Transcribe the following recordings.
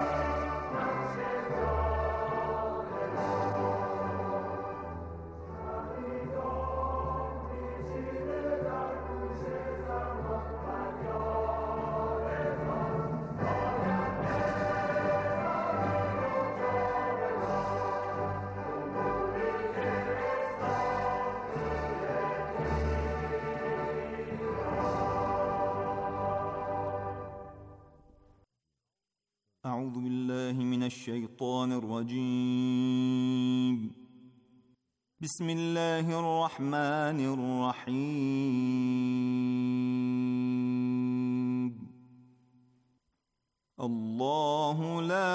Bye. الشيطان الرجيم بسم الله الرحمن الرحيم الله لا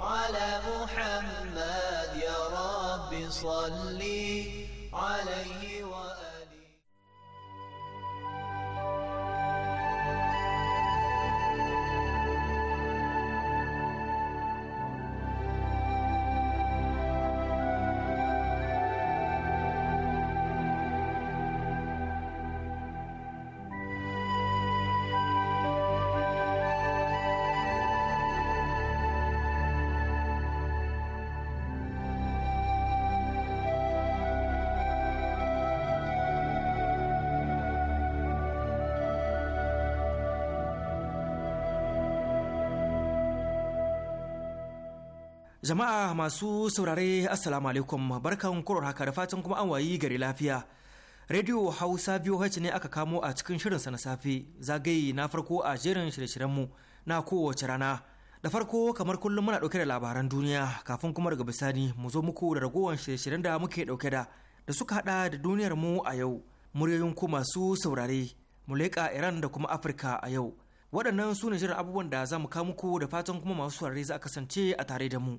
على محمد يا رب صلي عليه وسلم Jama'a masu saurare Assalamu alaikum barkan kurar haka da fatan kuma an wayi gari lafiya. Radio Hausa biyu VOH ne aka kamo a cikin shirinsa na safe zagaye na farko a jerin shirye-shiryenmu na kowace rana. Da farko kamar kullum muna dauke da labaran duniya kafin kuma daga bisani mu zo muku da ragowar shirye-shiryen da muke ɗauke da da suka hada da duniyar mu a yau. Muryoyin ku masu saurare mu leƙa Iran da kuma Afirka a yau. Waɗannan su ne shirin abubuwan da za mu kawo muku da fatan kuma masu saurare za a kasance a tare da mu.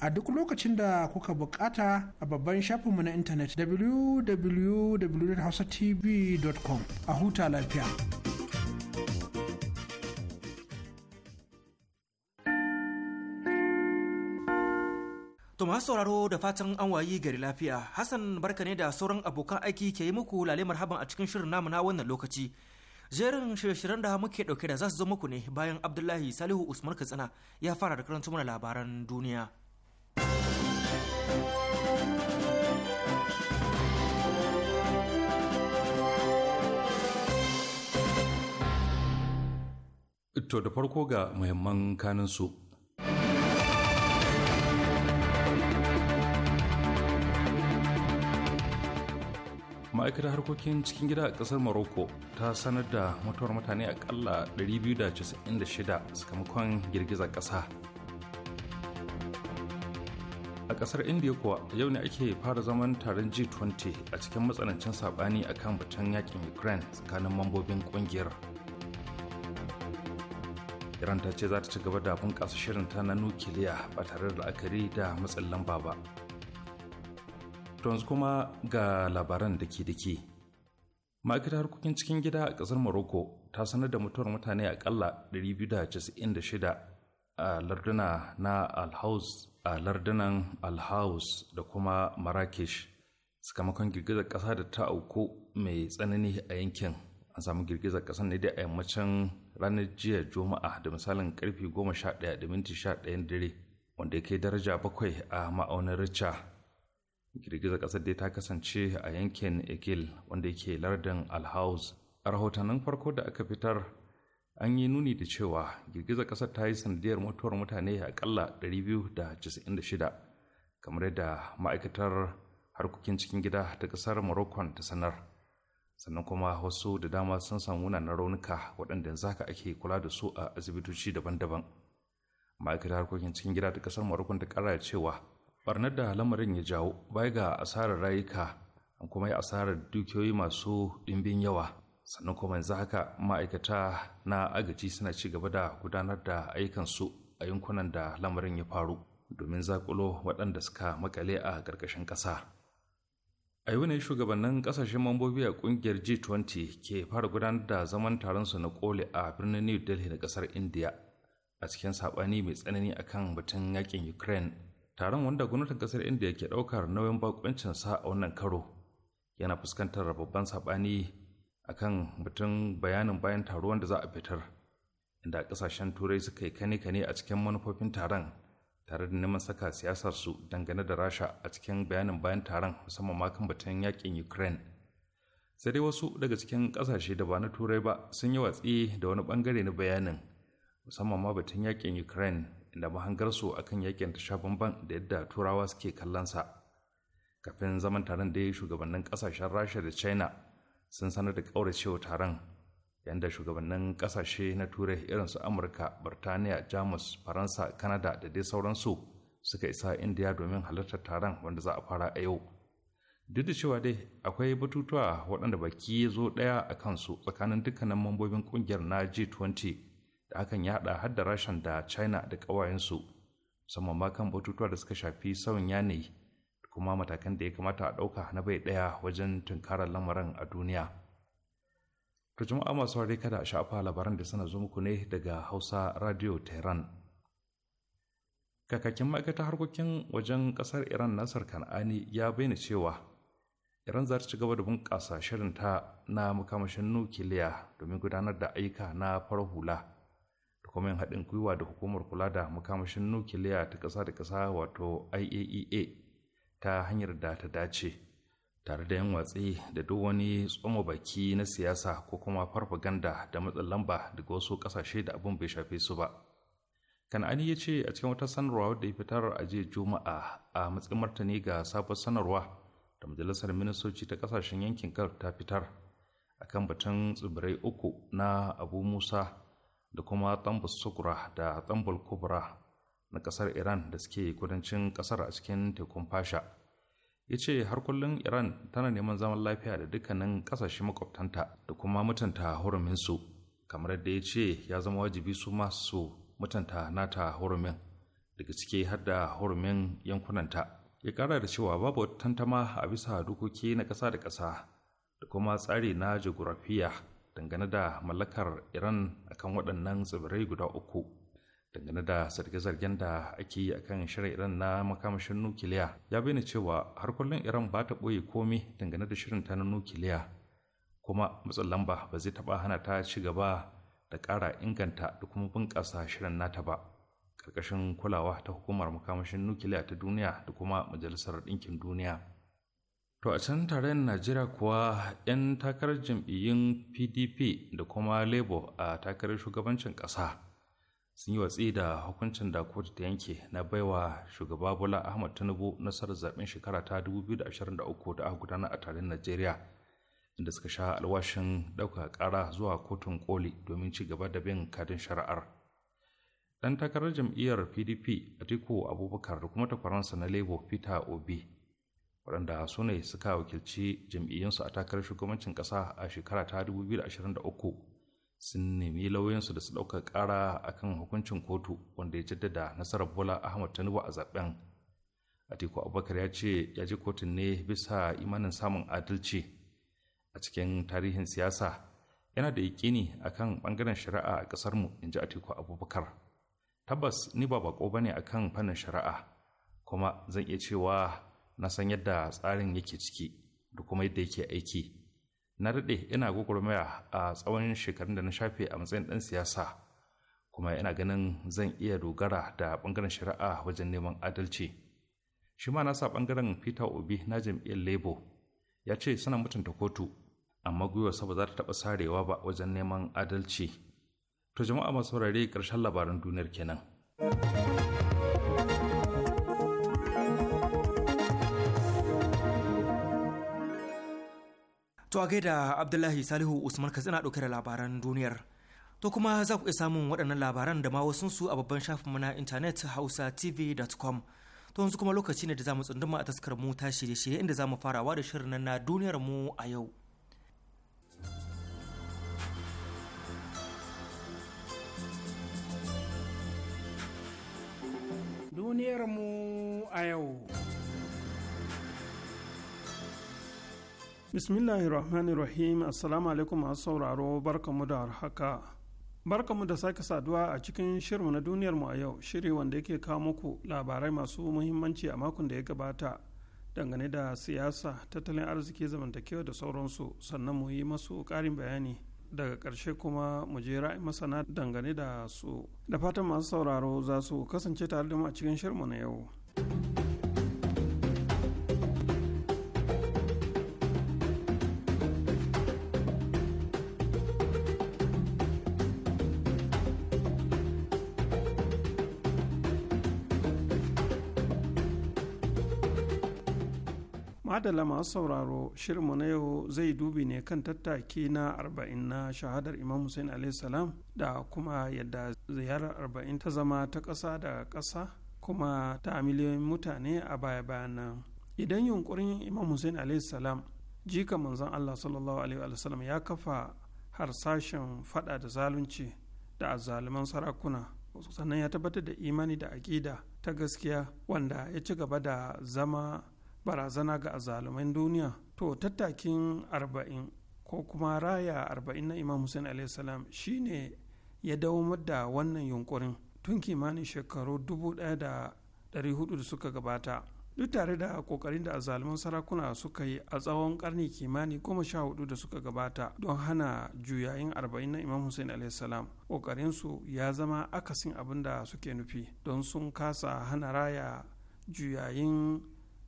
a duk lokacin da kuka bukata a babban shafinmu na intanet www.hausatv.com a huta lafiya. To masu sauraro da fatan an wayi gari lafiya, Hassan barka ne da sauran abokan aiki ke yi muku lalemar haban a cikin shirin namu na wannan lokaci. jerin shirye-shiryen da muke dauke da za su zo muku ne bayan abdullahi salihu usman katsina ya fara da karanta mana labaran duniya To da farko ga muhimman kaninsu. Ma'aikatar harkokin cikin gida a ƙasar Morocco ta sanar da mutuwar mutane akalla 296 sakamakon girgizar ƙasa. a kasar Indiya, kuwa yau ne ake fara zaman taron g20 a cikin matsanancin sabani akan batun yakin ukraine tsakanin mambobin kungiyar iran ta ce za ta ci gaba da bunƙasa ta na nukiliya ba tare da la'akari da matsin lamba ba yanzu kuma ga labaran da ke ma'aikatar harkokin cikin gida a ƙasar morocco ta sanar da mutuwar mutane akalla 296 a larduna na alhaus a lardunan alhaus da kuma marrakesh sakamakon girgizar ƙasa da ta auku mai tsanani a yankin an samu girgizar ƙasa ne da a yammacin ranar jiya juma'a da misalin karfe 11:11 dare wanda ke daraja bakwai a ma'aunin richa girgizar ƙasar dai ta kasance a yankin egil wanda yake lardin alhaus a rahotannin farko da aka fitar an yi nuni da cewa girgizar ƙasar ta yi sanadiyar mutuwar mutane aƙalla 296 kamar yadda ma'aikatar harkokin cikin gida ta ƙasar moroccan ta sanar sannan kuma wasu da dama sun samu na raunuka waɗanda yanzu haka ake kula da su a asibitoci daban-daban ma'aikatar harkokin cikin gida ta ƙasar moroccan ta ƙara cewa barnar da lamarin ya jawo baya ga asarar rayuka an kuma yi asarar dukiyoyi masu ɗimbin yawa sannan kuma yanzu haka ma'aikata na agaji suna ci gaba da gudanar da ayyukansu a yankunan da lamarin ya faru domin zakulo waɗanda suka makale a ƙarƙashin ƙasa a yau ne shugabannin ƙasashen mambobi a ƙungiyar g20 ke fara gudanar da zaman taron su na koli a birnin new delhi na ƙasar india a cikin saɓani mai tsanani akan batun yakin ukraine taron wanda gwamnatin ƙasar india ke ɗaukar nauyin bakuncinsa a wannan karo yana fuskantar babban saɓani akan batun bayanin bayan taro wanda za a fitar inda kasashen turai suka yi kane-kane a cikin manufofin taron tare da neman saka siyasarsu dangane da rasha a cikin bayanin bayan taron musamman ma batun yakin ukraine sai dai wasu daga cikin kasashe da ba na turai ba sun yi watsi da wani bangare na bayanin musamman ma batun yakin ukraine inda mahangarsu akan yakin ta sha bamban da yadda turawa suke kallon sa kafin zaman taron da ya yi shugabannin kasashen rasha da china sun sanar da kauracewa taron yadda shugabannin kasashe na turai irin su amurka birtaniya jamus faransa kanada da dai sauransu suka isa indiya domin halartar taron wanda za a fara a yau duk da cewa dai akwai batutuwa waɗanda baki zo ɗaya a kansu tsakanin dukkanin mambobin ƙungiyar na g20 da hakan ya haɗa har da rashan da china da ƙawayensu musamman ma kan batutuwa da suka shafi sauyin yanayi kuma matakan da ya kamata a ɗauka na bai ɗaya wajen tunkarar lamarin a duniya. To jama'a masu wari kada a shafa labaran da suna zo muku ne daga Hausa Radio Tehran. Kakakin ma'aikatar harkokin wajen ƙasar Iran Nasar Kan'ani ya bayyana cewa Iran za ta ci gaba da bunƙasa shirinta na makamashin nukiliya domin gudanar da aika na farar hula da kuma yin haɗin gwiwa da hukumar kula da makamashin nukiliya ta ƙasa da ƙasa wato IAEA e ta hanyar da ta dace tare da yin watsi da duk wani tsoma baki na siyasa ko kuma farfaganda da matsin lamba daga wasu ƙasashe da abin bai shafe su ba kan'ani ya ce a cikin wata sanarwa wadda ya fitar a jiya juma'a a matsayin martani ga sabon sanarwa da majalisar ministoci ta kasashen yankin kar ta fitar a kan batun tsibirai uku na abu musa da kuma Tsambar sukura da Tsambar kubra na ƙasar iran da suke kudancin ƙasar a cikin tekun fasha ya ce har kullum iran tana neman zaman lafiya da dukkanin kasashe makwabtanta da kuma mutunta huruminsu kamar yadda ya ce ya zama wajibi su masu mutunta nata hurumin daga ciki har da hurumin yankunanta ya kara da cewa babu tantama a bisa dokoki na ƙasa da ƙasa da kuma tsari na jagurafiya dangane da mallakar iran akan waɗannan tsibirai guda uku dangane da zarge-zargen da ake yi akan shirin iran na makamashin nukiliya ya bayyana cewa har kullum iran ba ta ɓoye komi dangane da shirin ta na nukiliya kuma matsin lamba ba zai taɓa hana ta ci gaba da ƙara inganta da kuma bunƙasa shirin nata ba ƙarƙashin kulawa ta hukumar makamashin nukiliya ta duniya da kuma majalisar ɗinkin duniya to a can tarayyar najeriya kuwa 'yan takarar jam'iyyun pdp da kuma labour a takarar shugabancin ƙasa sun yi watsi da hukuncin da kotu ta yanke na baiwa shugaba bola ahmad tinubu nasarar zaben shekara ta 2023 da aka gudanar a tarin najeriya inda suka sha alwashin ɗauka ƙara zuwa kotun koli domin ci gaba da bin kadin shari'ar ɗan takarar jam'iyyar pdp atiku abubakar da kuma takwaransa na labour peter obi waɗanda su ne suka wakilci jam'iyyunsu a takarar shugabancin ƙasa a shekara ta 2023 sun nemi lauyansu da su ɗaukar ƙara a kan hukuncin kotu wanda ya jaddada nasarar bola ahmad tinubu a zaɓen. atiku abubakar ya ce ya je kotun ne bisa imanin samun adalci a cikin tarihin siyasa yana da yaƙini akan ɓangaren shari'a a ƙasarmu in ji atiku abubakar tabbas ni ba bako ne akan fannin shari'a kuma zan iya cewa na san yadda tsarin yake ciki da kuma yadda yake aiki na daɗe ina gwagwarmaya a tsawon shekarun da na shafe a matsayin ɗan siyasa kuma ina ganin zan iya dogara da ɓangaren shari'a wajen neman adalci shi ma sa ɓangaren peter obi na jam'iyyar labour ya ce suna mutunta kotu amma gwiwarsa ba za ta taɓa sarewa ba wajen neman adalci to jama'a masu saurare ƙarshen labaran duniyar kenan. To a gaida Abdullahi Salihu Usman na ɗauke da labaran duniyar. To kuma za ku iya samun waɗannan labaran da ma wasu su a babban shafinmu na intanet hausa tv.com. To yanzu kuma lokaci ne da za mu tsunduma a taskar mu ta shirye-shirye inda za mu farawa da shirin na duniyar mu a yau. Duniyar mu a yau. rahim assalamu alaikum masu sauraro barkamu da haka barkamu da sake saduwa a cikin shirin na duniyar mu a yau shiri wanda yake kawo muku labarai masu muhimmanci a makon da ya gabata dangane da siyasa tattalin arziki zamantakewa da sauransu sannan mu yi masu karin bayani daga karshe kuma mu je ra'ayi masana dangane da su da fatan masu sauraro za su kasance tare da mu a cikin shirmu na yau. madala masu sauraro shirinmu na yau zai dubi ne kan tattaki na arba'in na shahadar imam hussein salam da kuma yadda ziyarar arba'in ta zama ta ƙasa da ƙasa kuma ta miliyoyin mutane a baya bayan nan idan yunkurin imam hussein salam jika manzon allah sallallahu alaihi ya kafa harsashen fada da zalunci da azzaluman sarakuna sannan ya tabbatar da imani da aƙida ta gaskiya wanda ya ci gaba da zama barazana ga azaluman duniya to tattakin arba'in ko kuma raya arba'in na imam hussein salam ne ya dawo da wannan yunkurin tun kimanin shekaru dubu daya da dari hudu da suka gabata duk tare da kokarin da azaluman sarakuna suka yi a tsawon karni kimani goma sha hudu da suka gabata don hana juyayin arba'in na imam hussein alaihissalam kokarinsu ya zama akasin abin da suke nufi don sun kasa hana raya juyayin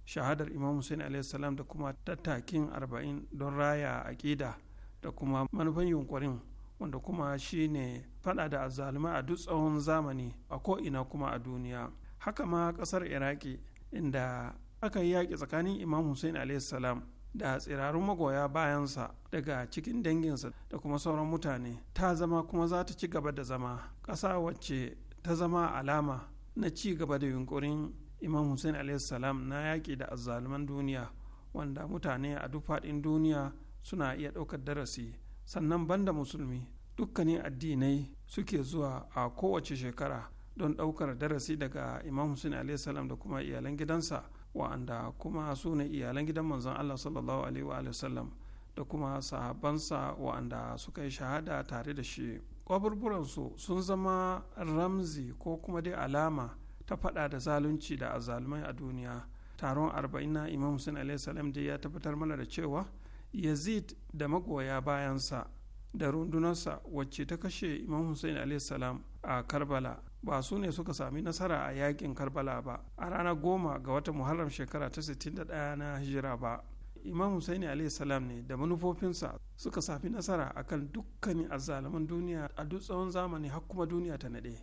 shahadar imam hussein alaihissalam da kuma tattakin arba'in don raya aƙida da kuma manufan yunkurin wanda kuma shi ne fada da azzaluma a duk tsawon zamani a ko'ina kuma a duniya haka ma ƙasar iraki inda aka yi yaƙi tsakanin imam hussein alaihissalam da tsirarun magoya bayansa daga cikin danginsa da kuma sauran mutane ta zama kuma za ta ci gaba da zama ƙasa wacce ta zama alama na ci gaba da yunkurin imam hussein salam na yaƙi da azzaluman duniya wanda mutane a duk faɗin duniya suna iya ɗaukar darasi sannan banda musulmi dukkanin addinai suke zuwa a kowace shekara don ɗaukar darasi daga imam hussein salam da kuma iyalan gidansa wa'anda kuma su ne iyalan gidan manzon allah sallallahu alaihi wa sallam da kuma sahabansa wa'anda suka yi shahada tare da shi kwaburburansu sun zama ramzi ko kuma dai alama ta faɗa da zalunci da azalmai a duniya taron arba'in na imam hussein alaihissalam dai ya tabbatar mana da cewa yazid da magoya bayansa da rundunarsa wacce ta kashe imam hussein salam a karbala ba su ne suka sami nasara a yakin karbala ba a ranar goma ga wata muharram shekara ta sittin da 61 na hijira ba imam hussein salam ne da manufofinsa suka sami nasara akan dukkanin azzaluman duniya a duk tsawon zamani har kuma duniya ta naɗe.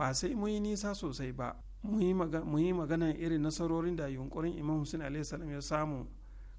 ba sai mun yi nisa sosai ba mun yi magana irin nasarorin da yunkurin imam hussein salam ya samu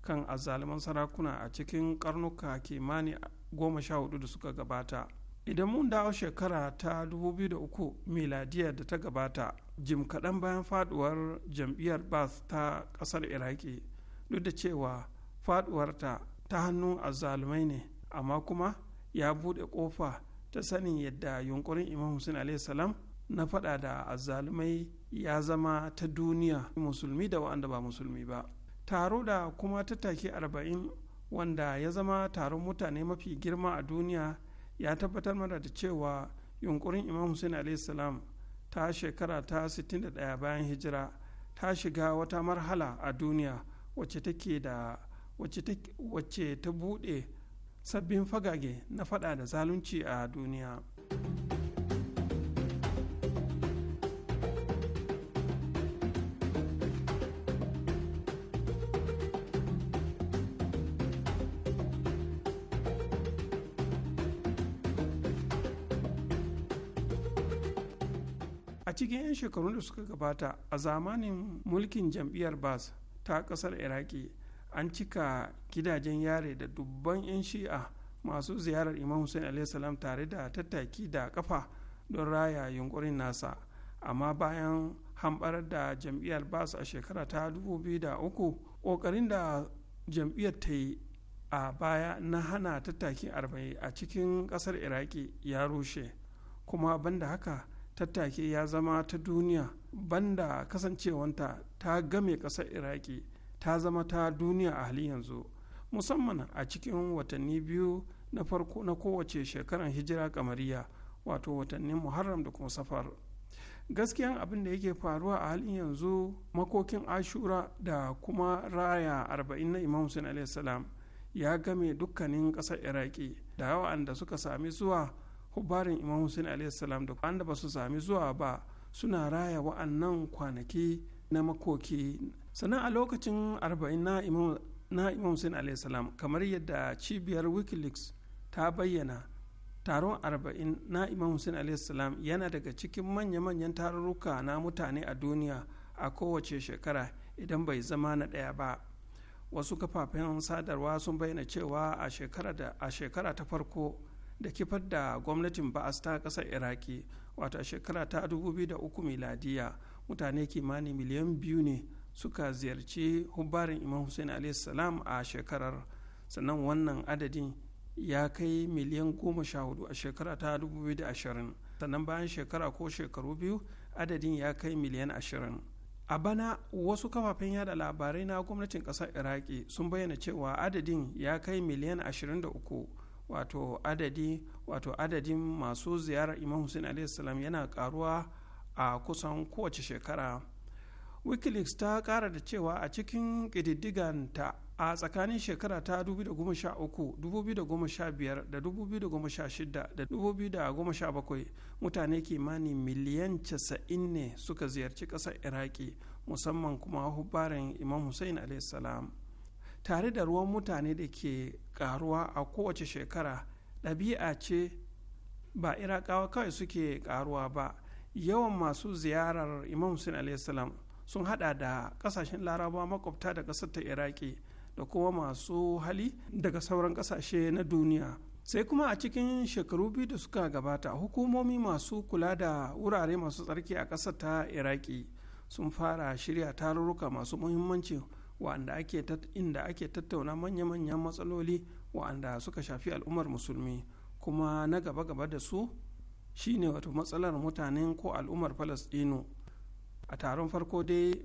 kan azzaluman sarakuna a cikin karnuka kimani goma sha hudu da suka gabata idan mun dawo shekara ta 2003 miladiya da ta gabata jim kaɗan bayan faduwar jam'iyyar bath ta ƙasar iraki duk da cewa faduwarta ta hannu azzalumai ne amma kuma ya buɗe ƙofa ta sanin yadda yunkurin imam hussein salam. na faɗa da azzalumai ya zama ta duniya musulmi da waɗanda ba musulmi ba taro da kuma ta tattaki arba'in wanda ya zama taron mutane mafi girma a duniya ya tabbatar mana da cewa yunkurin imam hussein salam ta shekara ta 61 bayan hijira ta shiga wata marhala a duniya wacce take da wacce ta buɗe sabbin fagage na faɗa da zalunci a duniya. cikin 'yan shekarun da suka gabata a zamanin mulkin jam'iyyar bas ta kasar iraki an cika gidajen yare da dubban 'yan shi'a masu ziyarar imam hussein salam tare da tattaki da kafa don raya yunkurin nasa amma bayan hambarar da jam'iyyar bas a shekara ta 2003 ƙoƙarin da jam'iyyar ta yi a baya na hana tattaki arba'in a cikin kasar iraki ya rushe kuma banda haka tattake ya zama ta duniya banda kasancewanta ta game ƙasar iraki ta zama ta duniya a halin yanzu musamman a cikin watanni biyu na farko na kowace shekarar hijira kamariya wato watannin muharram da kuma safar gaskiyan abin da yake faruwa a halin yanzu makokin ashura da kuma raya arba'in na imam hussein ya game dukkanin ƙasar iraki da yawa da suka sami zuwa hubbarin imam hussein alaihissalam da wanda ba su sami zuwa ba suna raya wa'annan kwanaki na makoki sannan a lokacin arba'in na imam Hussein hussein kamar yadda cibiyar wikileaks ta bayyana taron arba'in na imam hussein alaihissalam yana daga cikin manya-manyan tarurruka na mutane a duniya a kowace shekara idan bai zama na ɗaya ba wasu kafafen sadarwa sun bayyana cewa a shekara ta farko da kifar da gwamnatin ba'as ta ƙasar iraki wata shekara ta 2003 miladiya mutane kimanin miliyan biyu ne suka ziyarci hubbarin imam hussein salam a shekarar sannan wannan adadin ya kai miliyan goma sha hudu a shekara ta 2020 sannan bayan shekara ko shekaru biyu adadin ya kai miliyan ashirin a bana wasu kafafen yada labarai na gwamnatin kasar iraki sun bayyana cewa adadin ya kai miliyan uku. wato adadi wato adadin masu ziyarar imam hussein alaihissalam yana karuwa a kusan kowace shekara wikileaks ta kara da cewa a cikin ƙididdiganta a tsakanin shekara ta 2013 2015 da 2016 da 2017 mutane kimanin miliyan 90 ne suka ziyarci ƙasar iraki musamman kuma hubbarin imam hussein alaihissalam tare da ruwan mutane da ke karuwa a kowace shekara ɗabi'a ce ba irakawa kawai suke karuwa ba yawan masu ziyarar imam hussein alaihissalam sun hada da kasashen larabawa makwabta da ƙasar ta iraki da kuma masu hali daga sauran ƙasashe na duniya sai kuma a cikin shekaru biyu da suka gabata hukumomi masu kula da wurare masu tsarki a ƙasar ta iraki sun fara shirya tarurruka masu muhimmanci wa'anda ake inda ake tattauna manya-manyan matsaloli wa'anda suka shafi al'ummar musulmi kuma na gaba-gaba da su shine wato matsalar mutanen ko al'ummar falasɗinu a taron farko dai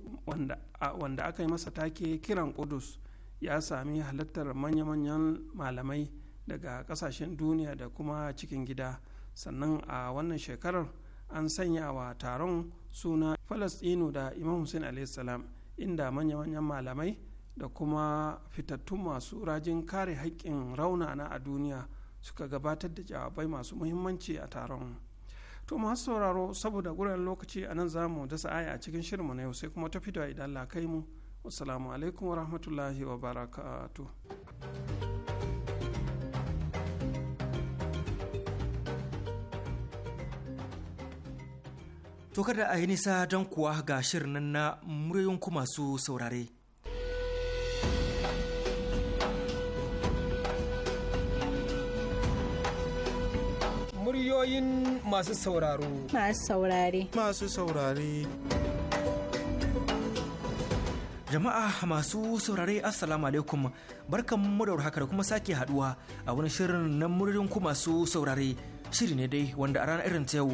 wanda aka yi masa take kiran kudus ya sami halartar manya-manyan malamai daga kasashen duniya da kuma cikin gida sannan a wannan shekarar an sanya wa taron suna falasɗinu da imam hussein salam inda manya-manyan malamai da kuma fitattun masu rajin kare haƙƙin na a duniya suka gabatar da jawabai masu muhimmanci a taron to masu sauraro saboda guren lokaci a nan zamu dasa aya a cikin shirinmu na yau sai kuma ta fito idan la kai mu wasu alaikum wa rahmatullahi wa barakatuh To kada a yi nisa don kuwa ga shirin nan na muryoyin ku masu saurare. Muryoyin masu sauraro. Masu saurare. Masu saurare. Jama'a masu saurare Assalamu alaikum barkan mu da warhaka da kuma sake haduwa a wani shirin na muryoyin ku masu saurare shiri ne dai wanda a ranar irin ta yau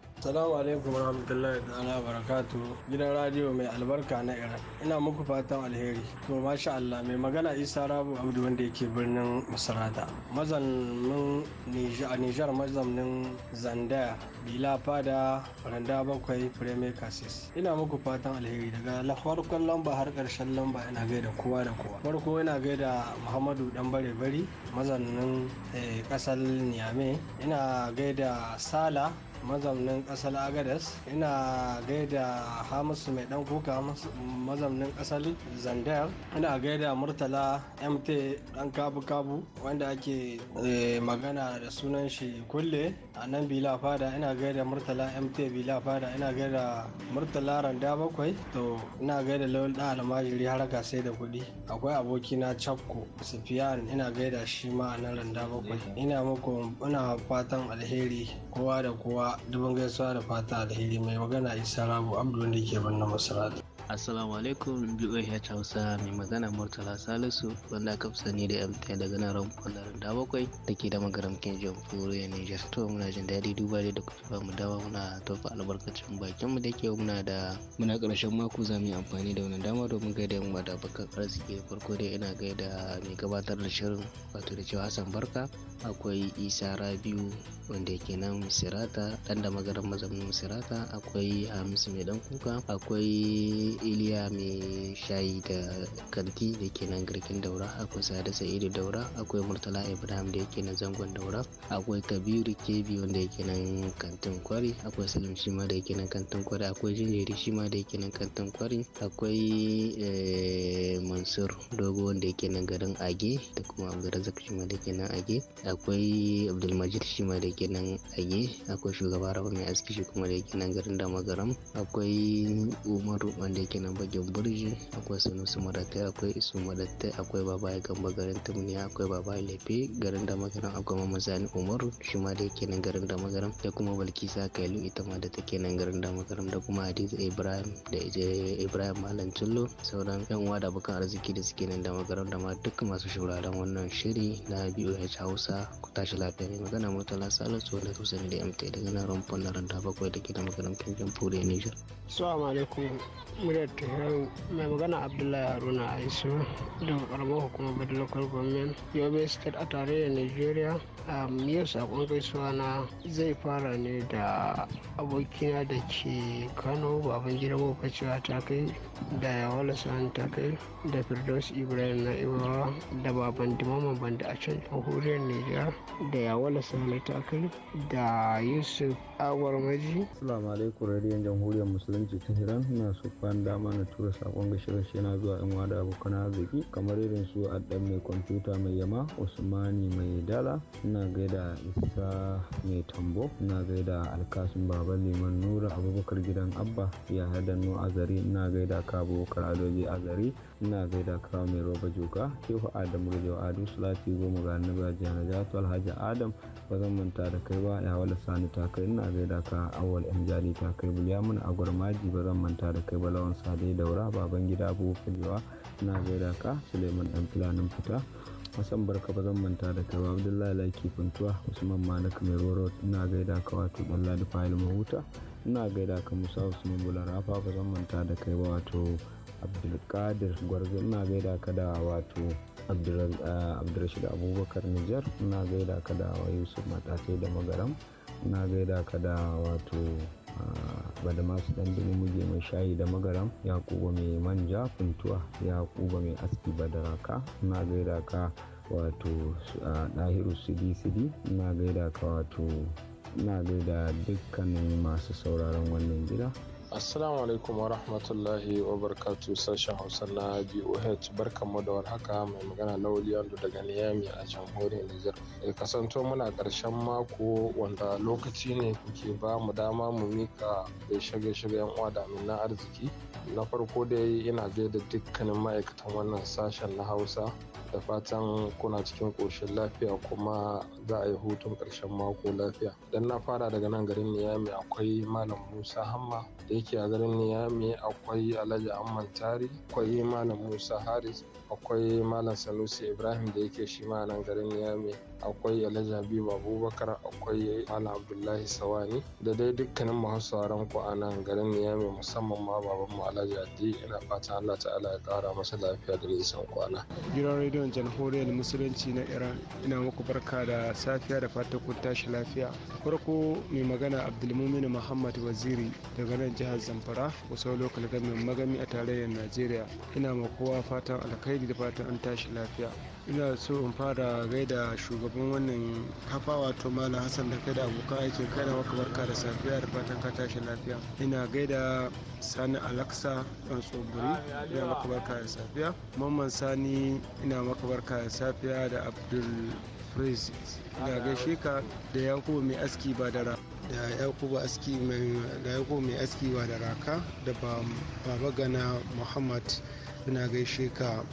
Salamu alaikum warahmatullahi ta'ala barakatu gidan radiyo mai albarka na Iran. Ina muku fatan alheri. To masha Allah mai magana Isa Rabu Abdu wanda yake birnin Masarata. mazanin nijar Nijar mazanin Zandaya Bila Fada Randa Bakwai premier Kasis. Ina muku fatan alheri daga farkon lamba har karshen lamba ina gaida kowa da kowa. Farko ina gaida Muhammadu Dan Bare Bari mazanin kasar eh, niyame Ina gaida Sala mazaunin kasar agadas ina gaida hamisu mai dan kuka mazaunin kasar zandar ina gaida murtala mt dan kabu kabu wanda ake eh, magana da sunan shi kulle a nan bila fada ina gaida murtala mt bila fada ina gaida murtala randa bakwai to ina gaida lawal da almajiri har sai da kuɗi akwai abokina chapko sufiyan ina gaida shi ma a nan randa bakwai ina muku ina fatan alheri kowa da kowa dubin gaisuwa da fata alheri mai magana isa rabu abdu wanda ke birnin masarautu Assalamu alaikum BOH Hausa mai magana Murtala Salisu wanda aka fi sani da MT daga nan ramfanar da bakwai da ke da magaramkin jamhuriyar Nijar. To muna jin daɗi duba da da kuka mu dawa muna tofa albarkacin bakinmu da ke muna da muna ƙarshen mako za mu yi amfani da wannan dama domin gaida yan da bakar arziki farko dai ina gaida mai gabatar da shirin wato da cewa Hassan Barka akwai Isa Rabiu wanda yake nan misirata dan da magaran mazaunin misirata akwai hamisu mai dan kuka akwai iliya mai shayi da kanti da ke nan girkin daura akwai sada sa'idu daura akwai murtala ibrahim da yake nan zangon daura akwai kabiru kebi wanda yake nan kantin kwari akwai salim shi ma da yake nan kantin kwari akwai jinjiri shi ma da yake nan kantin kwari akwai eh, mansur dogo wanda yake nan garin age da kuma abdulrazak shi ma da yake nan age akwai abdulmajid shi ma da yake kenan age akwai shugaba rabu mai aski shi kuma da yake nan garin da garam akwai umaru wanda yake nan bagin burji akwai sanusi madatai akwai isu madatai akwai baba ya gamba garin tumni akwai baba ya lefe garin da garam akwai mama sani umaru shi ma da yake nan garin da garam da kuma balkisa kailu ita ma da take nan garin da garam da kuma hadiza ibrahim da ibrahim malam tullo sauran yan uwa da abokan arziki da suke nan da garam da ma duka masu shauraron wannan shiri na ci hausa ku tashi lafiya magana mutala Salisu wanda da ne da MT daga nan rumfun na bakwai da ke da makarantar jamhuriyar Nijar. Assalamu alaikum muryar Tehran mai magana Abdullahi Haruna Aisu daga karamar hukumar Badal Local Government Yobe State a tarayyar Nigeria. Yau sakon gaisuwa na zai fara ne da abokina da ke Kano baban gida cewa ta kai da yawala sa'an ta kai da firdaus ibrahim na da baban dimaman banda a can jamhuriyar nijar da yawala sami takai da yusuf maji. Assalamu alaikum radiyon jamhuriyar musulunci ta Iran na so kwan dama na tura sakon gashi na zuwa yan wada abokan arziki kamar irin su addan mai kwamfuta mai yama usmani mai dala ina gaida isa mai tambo ina gaida alkasun baban liman nura abubakar gidan abba ya a azari ina gaida ka abubakar adoji azari ina gaida ka mai roba joka kefa adamu rajau adu sulati goma ga annabi jihar alhaji adam ba zan manta da kai ba ya wala sani ta kai ina gaida ka awal yan jali ta kai bulyamun a gwarmaji ba zan manta da kai ba lawan sade daura baban gida abubakar na ina gaida ka suleiman dan filanin fita wasan barka ba zan manta da kai ba abdullahi laki funtuwa usman malik mai roro ina gaida ka wato dan da fayil mahuta ina gaida ka musa usman bular rafa ba zan manta da kai ba wato abdulkadir gwarzo ina gaida ka da wato eh, abdulrashid abubakar nijar ina gaida ka da yusuf matatai da magaram Na gaida ka da wato badamasu dan dumu muge mai shayi da magaram ya kuba mai manja ya yakuba mai aski badaraka na gaida ka wato ɗahiru sidi sidi ina gaida ka wato na gaida dukkanin masu sauraron wannan gida Assalamu alaikum wa rahmatullahi wa barkatu sashen Hausa na BOH barkanmu da warhaka mai magana na Ando daga Niyami a jamhuriyar Nijar. E kasanto muna karshen mako wanda lokaci ne kuke ba mu dama mu mika gaishe gaishe yan uwa da na arziki na farko dai ina gaida dukkanin ma'aikatan wannan sashen na hausa da fatan kuna cikin ƙoshin lafiya kuma za a yi hutun ƙarshen mako lafiya dan na fara daga nan garin niyami akwai malam musa hamma da yake a garin niyami akwai alhaji amman tari akwai malam musa haris akwai malam sanusi ibrahim da yake shi ma nan garin niyami akwai alhaji habibu abubakar akwai malam abdullahi sawani da dai dukkanin masu sauran ku a nan garin niyami musamman ma baban mu alhaji addi ina fatan allah ta'ala ya kara masa lafiya da nisan kwana gidan rediyon jamhuriyar musulunci na iran ina muku barka da safiya da fatan kun tashi lafiya farko mai magana abdulmumin muhammad waziri daga nan jihar zamfara kusa lokal gamin magami a tarayyar najeriya ina ma kowa fatan alkhairi da fatan an tashi lafiya ina so in fara gaida shugaban wannan hafa wato malam hassan da kai da abokan aikin kai na maka barka da safiya da fatan ka tashi lafiya ina gaida sani alaksa dan tsoburi ina maka barka da safiya mamman sani ina maka barka da safiya da abdul praise ina gaishe ka da yakubu mai aski ba da da yakubu aski mai da yakubu mai aski ba da raka da baba gana muhammad ina gaishe ka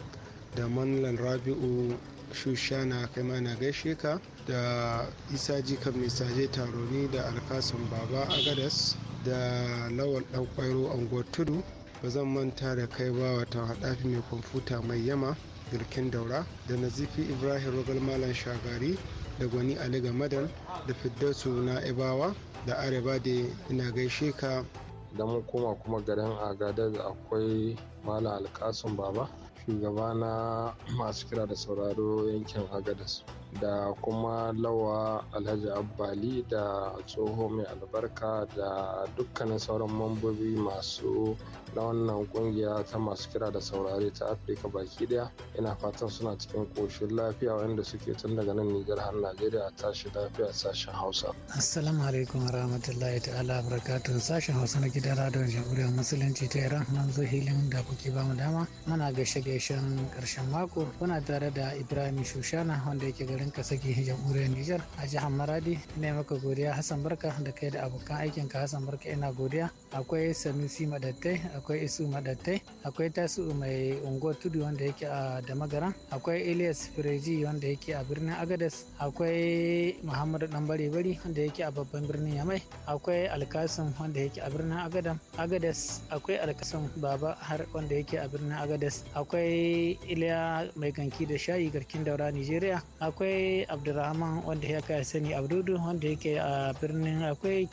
da manlan rabi'u shushana kai mana gaishe ka da isa jikan misaje taroni da alkasan baba agadas da lawal dan kwairo anguwar tudu ba zan manta da kai ba watan haɗafi mai kwamfuta mai yama girkin daura da nazifi ibrahim rogal malam shagari da gwani ali gamadan da fiddausu na ibawa da arewa da ina gaishe ka da mun koma kuma garin agadar akwai malam alkasun baba shugaba na masu kira da sauraro yankin Agadas. da kuma lawa alhaji abbali da tsoho mai albarka da dukkanin sauran mambobi masu na wannan kungiya ta masu kira da saurare ta afirka baki ɗaya. ina fatan suna cikin koshin lafiya wanda suke tun daga nan nijar har najeriya a tashi lafiya sashen hausa assalamu alaikum warahmatullahi ta'ala barakatun sashen hausa na gidan radon jamhuriyar musulunci ta iran nan zo da kuke bamu dama muna gaishe gaishen ƙarshen mako Muna tare da ibrahim shushana wanda yake garin kasake jamhuriyar Nijar a jihar Maradi ne maka godiya Hassan Barka da kai da abokan aikin ka Hassan Barka ina godiya akwai Sanusi Madattai akwai Isu Madattai akwai Tasu mai unguwar tudu wanda yake a Damagaran akwai Elias Fireji wanda yake a birnin Agadez akwai Muhammadu Dan Bari wanda yake a babban birnin Yamai akwai Alkasim wanda yake a birnin Agadam Agadez akwai Alkasim Baba har wanda yake a birnin Agadez akwai Iliya mai ganki da shayi garkin daura Nigeria akwai akwai abdulrahman wanda ya kai sani abdudu wanda yake a birnin akwai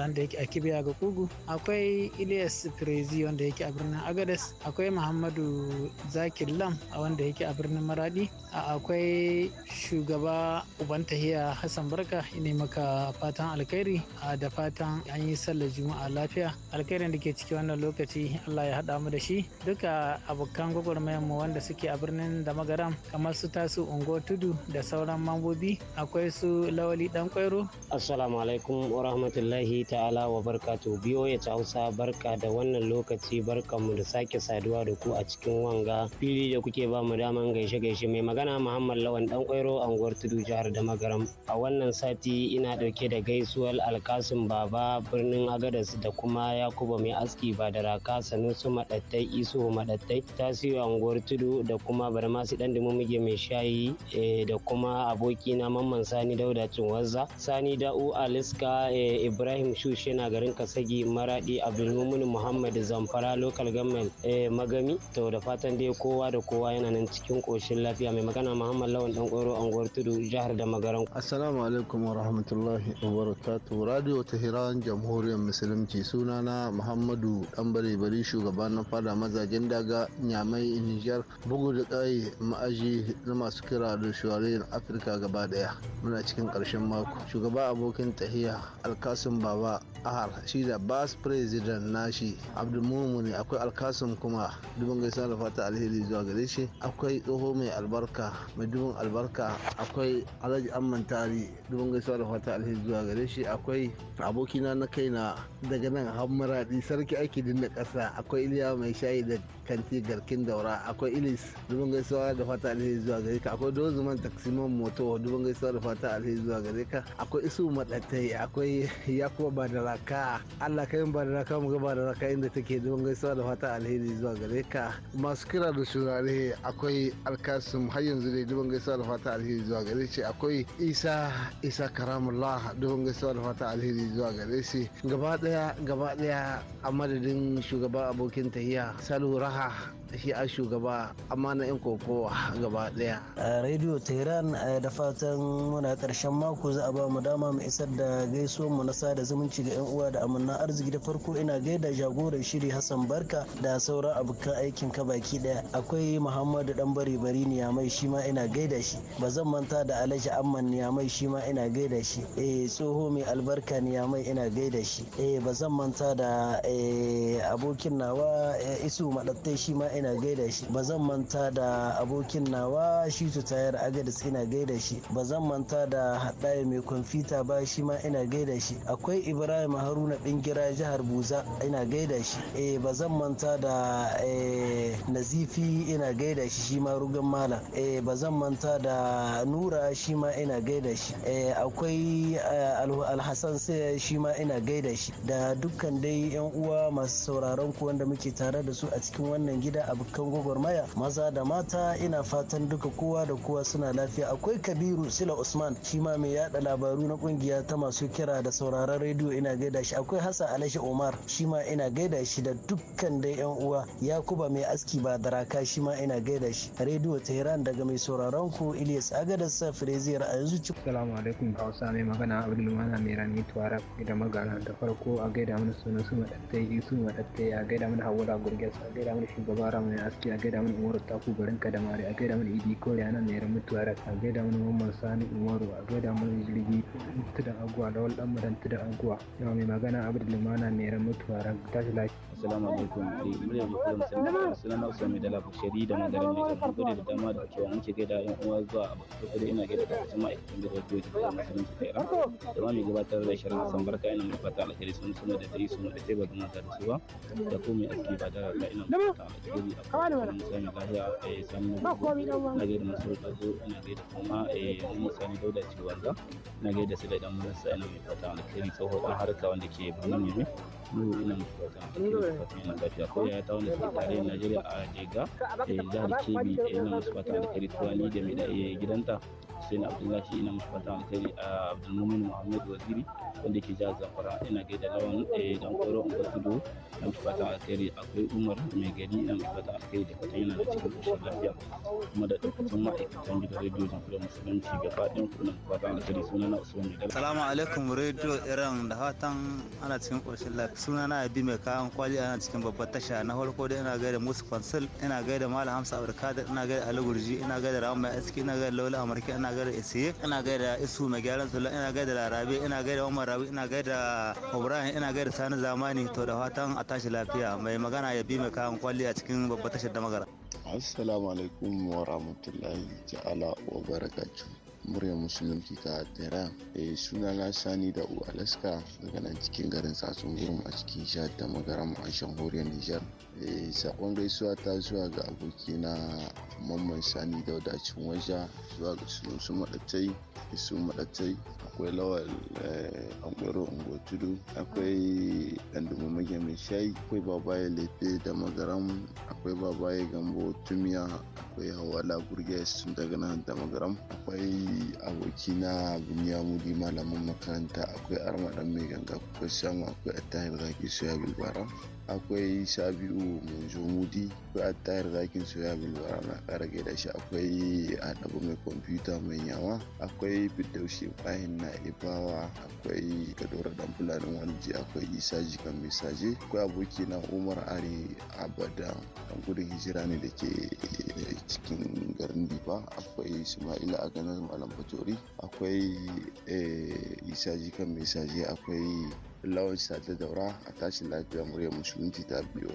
wanda yake a kibiya ga kugu akwai ilyas firezi wanda yake a birnin agadas akwai muhammadu zakir lam wanda yake a birnin maradi akwai shugaba uban tahiya hassan barka ne maka fatan alkhairi da fatan an yi sallar juma'a lafiya alkhairin da ke ciki wannan lokaci allah ya haɗa mu da shi duka abokan gwagwarmayarmu wanda suke a birnin da magaram kamar su tasu ungo tudu da sauran mambobi akwai su lawali dan kwairo assalamu alaikum wa rahmatullahi ta'ala wa barkatu biyo ya hausa barka da wannan lokaci barkanmu da sake saduwa da ku a cikin wanga fili da kuke ba mu daman gaishe gaishe mai magana muhammad lawan dan kwairo anguwar tudu jihar da magaram a wannan sati ina dauke da gaisuwar alkasim baba birnin agadas da kuma yakuba mai aski ba da raka sanusu madattai iso madattai tasiri anguwar tudu da kuma barmasi dan mai shayi eh, da kuma kuma abokina mamman sani dauda cinwazza sani da'u aliska eh, ibrahim shushe na garin kasagi maradi abdulmumin muhammad zamfara local government eh, magami to da fatan dai kowa da kowa yana nan cikin koshin lafiya mai magana muhammad lawan dan kwaro anguwar tudu jihar da magaran assalamu alaikum wa rahmatullahi wa barakatuh radio tahiran jamhuriyar musulunci sunana muhammadu dan bare bari shugaban na fada mazajen daga nyamai niger bugu da kai ma'aji na masu kira da shuwarayin afirka gaba daya muna cikin ƙarshen mako shugaba abokin tahiya alkasun baba ahar shi da bas president nashi abdulmumu ne akwai alkasun kuma dubin gaisa da fata alheri zuwa gare shi akwai tsoho mai albarka mai dubin albarka akwai alhaji amman tari dubin gaisa da fata alheri zuwa gare shi akwai abokina na kaina daga nan hammaradi sarki aiki da ƙasa akwai iliya mai shayi da kanti garkin daura akwai ilis dubin gaisa da fata alheri zuwa gare ka akwai man taksi. usman moto dubban gaisuwa da fata alheri zuwa gare ka akwai isu madatai akwai yakuwa badaraka allah kai badaraka mu ga badaraka inda take dubban gaisuwa da fata alheri zuwa gare ka masu kira da shurare akwai Alkasim har yanzu dai dubban gaisuwa da fata alheri zuwa gare shi akwai isa isa karamullah dubban gaisuwa da fata alheri zuwa gare shi gaba daya gaba daya a madadin shugaba abokin tahiya salu raha shi a shugaba amma na yan kokowa gaba daya radio tehran da fatan muna karshen mako za a ba mu dama mu isar da gaisuwar mu na sada zumunci ga yan uwa da amanna arziki da farko ina gaida jagoran shiri hassan barka da sauran abokan aikin ka baki daya akwai muhammadu dan bari bari niyamai shi ma ina gaida shi ba zan manta da alhaji amman niyamai shi ma ina gaida shi eh tsoho mai albarka niyamai ina gaida shi eh ba zan manta da eh, abokin nawa eh, isu madatte shi ma ina ina gaida shi ba zan manta da abokin nawa shi tu tayar agadis ina gaida shi ba zan manta da haɗaya mai kwamfuta ba shi ma ina gaida shi akwai ibrahim haruna bingira jihar buza ina gaida shi eh ba zan manta da eh, nazifi ina gaida shi shi ma rugan malam eh ba zan manta da nura shi ma ina gaida shi eh akwai eh, alhassan sai shi ma ina gaida shi da dukkan dai yan uwa masu sauraron ku wanda muke tare da su a cikin wannan gida abokan gwagwarmaya maza da mata ina fatan duka kowa da kowa suna lafiya akwai kabiru sila usman shi ma mai yada labaru na kungiya ta masu kira da sauraron rediyo ina gaida shi akwai hassan alashi omar shi ma ina gaida shi da dukkan dai yan uwa yakuba mai aski ba da raka shi ma ina gaida shi rediyo tehran daga mai sauraron ku ilyas agadar sa frezier a yanzu ci. salamu alaikum hausa mai magana mana mai rani tuwara da magana da farko a gaida mana sunan su maɗattai su maɗattai a gaida mana hawala gurgesa a gaida mana shugaba yara mai aski a gaida mana umaru taku garin kadamare a gaida mana idi kore a nan nairan mutuwa da a gaida mana mamman sani umaru a gaida mana jirgi tudan aguwa lawal dan madan tudan aguwa yawa mai magana abu da limana nairan mutuwa da shi laki. assalamu alaikum muryar jikin musulmi suna na usami da lafi shari da madarin mai jama'a gode da dama da ake wani ke gaida yan uwa zuwa a abokan kudu ina gaida da kasu ma'aikatan da radio da musulunci ta iran da ma mai gabatar da shirin san barka ina mai fata alheri sun suna da dai suna da ba da mata da su ba da mai aski ba da ina mai fata alheri a Abubakar Musa mai lahiya eh sannan ba komai dan wani na gaida Mansur Kazo ina gaida kuma eh Ummu Sani Dauda Ciwanza ina gaida su da dan Musa Sani mai fata alkhairi tsoho dan harka wanda ke birnin Yemi mu ina musu fata alkhairi ina lafiya ko ya ta wanda ke tare Najeriya a Jega eh jihar Kebbi ina musu fata alkhairi tuwani da mai da eh, gidanta Hussein Abdullahi ina muku fata alkhairi a Abdulmumin Muhammad Waziri wanda yake jihar Zamfara ina da lawan eh, dan koro unguwar tudu ina muku fata alkhairi akwai Umar mai gari ina muku fata alkhairi da fatan yana da cikin koshin lafiya kuma da dukkan ma'aikatan gidan rediyo Jamhuriyar Musulunci gaba ɗayan kuma ina muku fata alkhairi suna na Usman Jidal. Assalamu alaikum rediyo Iran da fatan ana cikin koshin lafiya suna na Abi mai kayan kwali ana cikin babbar tasha na farko dai ina da Musa Fansil ina da Malam Hamsa Abdulkadir ina da Ali Gurji ina da Rahman Mai Aski ina da Lola Amarki ina gaida isiye ina gaida isu mai gyaran sula ina gaida larabe ina gaida umar rabi ina gaida ibrahim ina gaida sani zamani to da fatan a tashi lafiya mai magana ya bi mai kayan kwalli a cikin babbar tashar da magara assalamu alaikum wa rahmatullahi ta'ala wa barakatuh muryar musulunci ta da eh suna na sani da u alaska daga nan cikin garin sasun gurum a cikin sha ta magaram a jamhuriyar nijar eh sakon gaisuwa ta zuwa ga abokina mamman sani da wadacin waja zuwa ga su maɗatai su maɗatai akwai lawal eh, angwero ungotudu akwai ɗan dumamage mai shayi akwai babaye lefe da magaram akwai babaye gambo tumiya akwai hawa hawala sun daga nan da magaram akwai akwai abokina mudi malamin makaranta akwai armaɗan mai ganga akwai samu akwai attahir zaki soya bulbara akwai sabiu munzumudi akwai attayar zakin soya bilbara na kara gaida shi akwai adabu mai kwamfuta mai yawa akwai fiddaushe bayan na ibawa akwai kadora dan fulani wanji akwai isa jikan misaje akwai aboki na umar ari abada dan gudun hijira ne da ke cikin garin diba akwai ismaila a ganar malam akwai eh, isa jikan misaje akwai lawan sa ta daura a tashin lafiya muryar musulunci ta biyu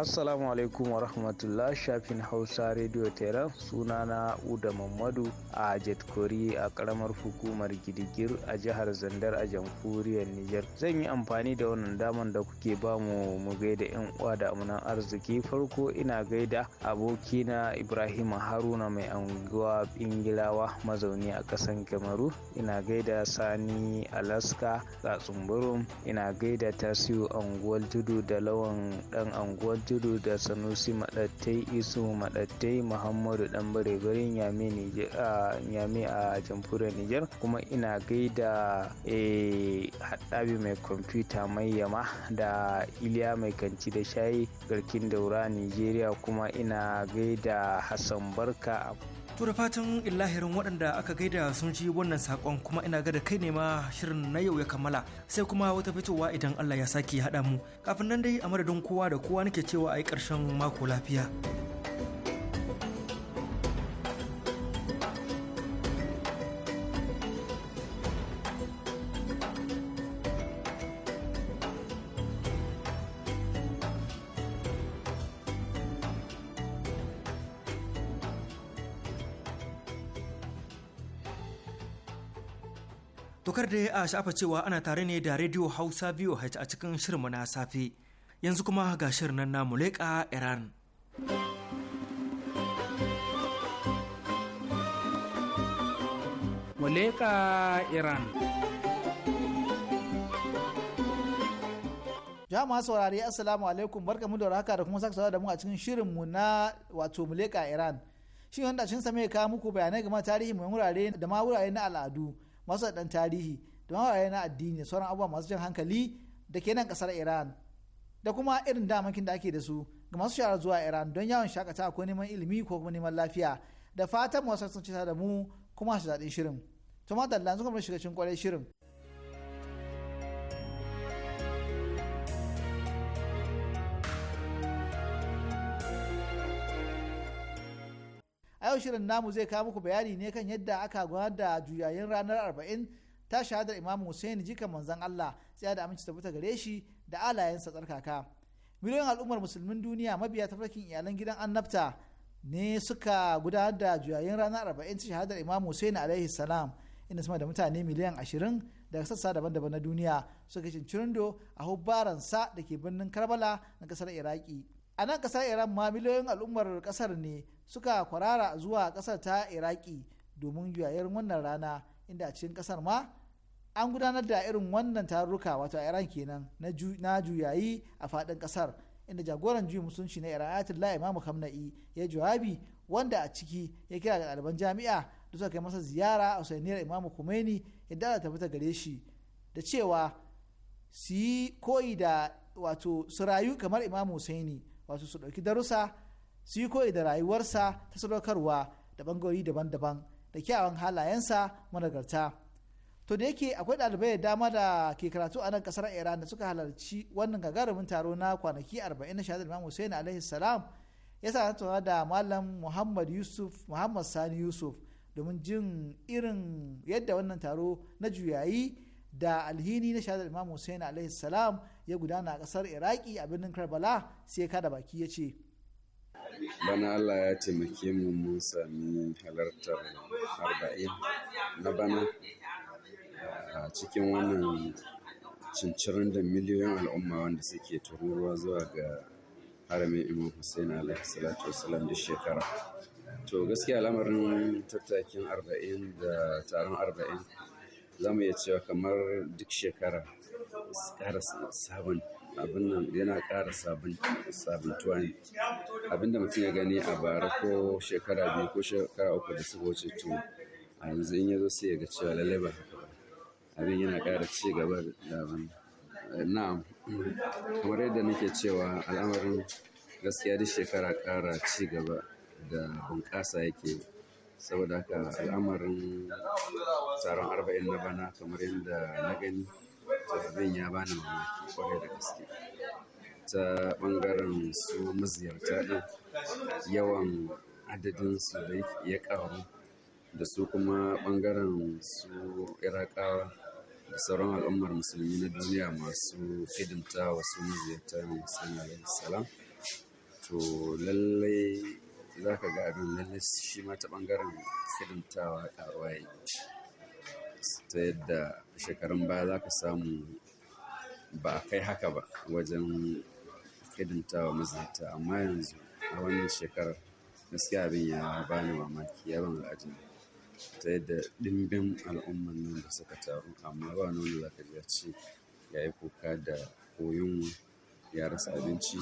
assalamu alaikum wa rahmatullah shafin hausa radio tera suna na uda mamadu a At-Kori a karamar hukumar gidigir a jihar zandar a jamhuriyar Nijar. zan yi amfani da wannan daman da kuke ba mu gaida yan uwa da amunan arziki farko ina gaida abokina ibrahim haruna mai anguwa ingilawa mazauni a kasan kamaru ina gaida sani alaska tsumburum ina gaida tasiu anguwar tudu da lawan dan anguwar Leturu da Sanusi Madattai Isu Maɗattai Muhammadu Dan Barebarin Yame a jamfura niger kuma ina gaida e, haɗabi mai kwamfuta mai yama da Iliya mai kanci da shayi garkin daura nigeria kuma ina gaida Hassan Barka To da fatan illahirin waɗanda aka gaida sun ji wannan saƙon kuma ina ga da kai ne ma shirin na yau ya kammala sai kuma wata fitowa idan Allah ya sake haɗa mu. Kafin nan dai a madadin kowa da kowa nake cewa a yi ƙarshen mako lafiya. a shafa cewa ana tare ne da Radio Hausa VOH a cikin shirinmu na safe. Yanzu kuma ga shirin nan na Muleka Iran. Muleka Iran. Jama'a saurari Assalamu alaikum barkamu da haka da kuma saka sake da mu a cikin shirinmu na wato Muleka Iran. shi wanda shin same kawo muku bayanai game tarihi mai wurare da ma wurare na al'adu masu dan tarihi don hawaye na addini sauran abubuwa masu jan hankali da ke nan kasar iran da kuma irin damakin da ake da su ga masu shara zuwa iran don yawon shakata ko neman ilimi ko kuma neman lafiya da fatan masu sun cita da mu kuma su daɗin shirin to ma dalla zuwa kuma shiga cikin kwarai shirin a yau shirin namu zai kawo muku bayani ne kan yadda aka da juyayin ranar arba'in ta shahadar imamu Hussein jika manzon Allah tsaya da aminci tabbata gare shi da alayensa tsarkaka miliyoyin al'ummar musulmin duniya mabiya tafarkin iyalan gidan annabta ne suka gudanar da juyayin ranar arba'in ta shahadar imamu Hussein alaihi salam inda sama da mutane miliyan ashirin daga sassa daban-daban na duniya suka cirindo a sa da ke birnin karbala na kasar iraki a nan kasar iran ma miliyoyin al'ummar kasar ne suka kwarara zuwa kasar ta iraki domin juyayin wannan rana inda a cikin kasar ma an gudanar da irin wannan tarurruka wato a iran kenan na juyayi a faɗin ƙasar inda jagoran juyin musulunci na iran ayatollah imam kamna'i ya jawabi wanda a ciki ya kira ga ɗaliban jami'a da suka kai masa ziyara a usainiyar imamu kumeni yadda da tafi ta gare shi da cewa su yi koyi da wato su rayu kamar imamu husaini wato su ɗauki darussa su yi koyi da rayuwarsa ta sadaukarwa da bangarori daban-daban da kyawawan halayensa managarta. to da yake akwai ɗalibai dama da ke karatu a nan kasar iran da suka halarci wannan gagarumin taro na kwanaki 40 na shahadar imam hussein alaihi salam ya sa tattauna da malam muhammad yusuf muhammad sani yusuf domin jin irin yadda wannan taro na juyayi da alhini na shahadar imam hussein alaihi salam ya gudana a kasar iraki a birnin karbala sai kada baki ya ce bana Allah ya taimake mu mun sami halartar arba'in na bana a cikin wannan da miliyoyin al'umma wanda suke tururuwa zuwa ga haramin imam hussein alaihi salatu wasalam duk shekara to gaskiya lamarin tattakin arba'in da taron arba'in za mu iya cewa kamar duk shekara ƙara sabon abin nan yana ƙara sabon sabuntuwa ne abinda mutum ya gani a bara ko shekara biyu ko shekara uku da suka wuce to a yanzu in ya zo sai ya ga cewa lallai ba haka abin yana ƙara ci gaba da eh, na'am kamar yadda nake cewa al'amarin gaskiya duk shekara ƙara ci gaba da bunƙasa yake saboda haka al'amarin tsaron arba'in na bana kamar yadda na gani abin ya bani mamaki kwarai da gaske ta ɓangaren su maziyarta ɗin yawan adadin su da ya ƙaru da su kuma ɓangaren su irakawa da sauran al'ummar musulmi na duniya masu hidimta wasu maziyartar musulmi alaihi salam to lallai za ka ga abin lallai shi mata ta ɓangaren hidimtawa waye? ta yadda shekarun baya za ka samu ba a kai haka ba wajen hidimtawa maziyarta amma yanzu a wannan shekarar gaskiya abin ya bani mamaki ya ban ta yadda ɗimbin al'umman nan da suka taru amma ba wanda za ka ya ce ya yi kuka da koyon ya rasa abinci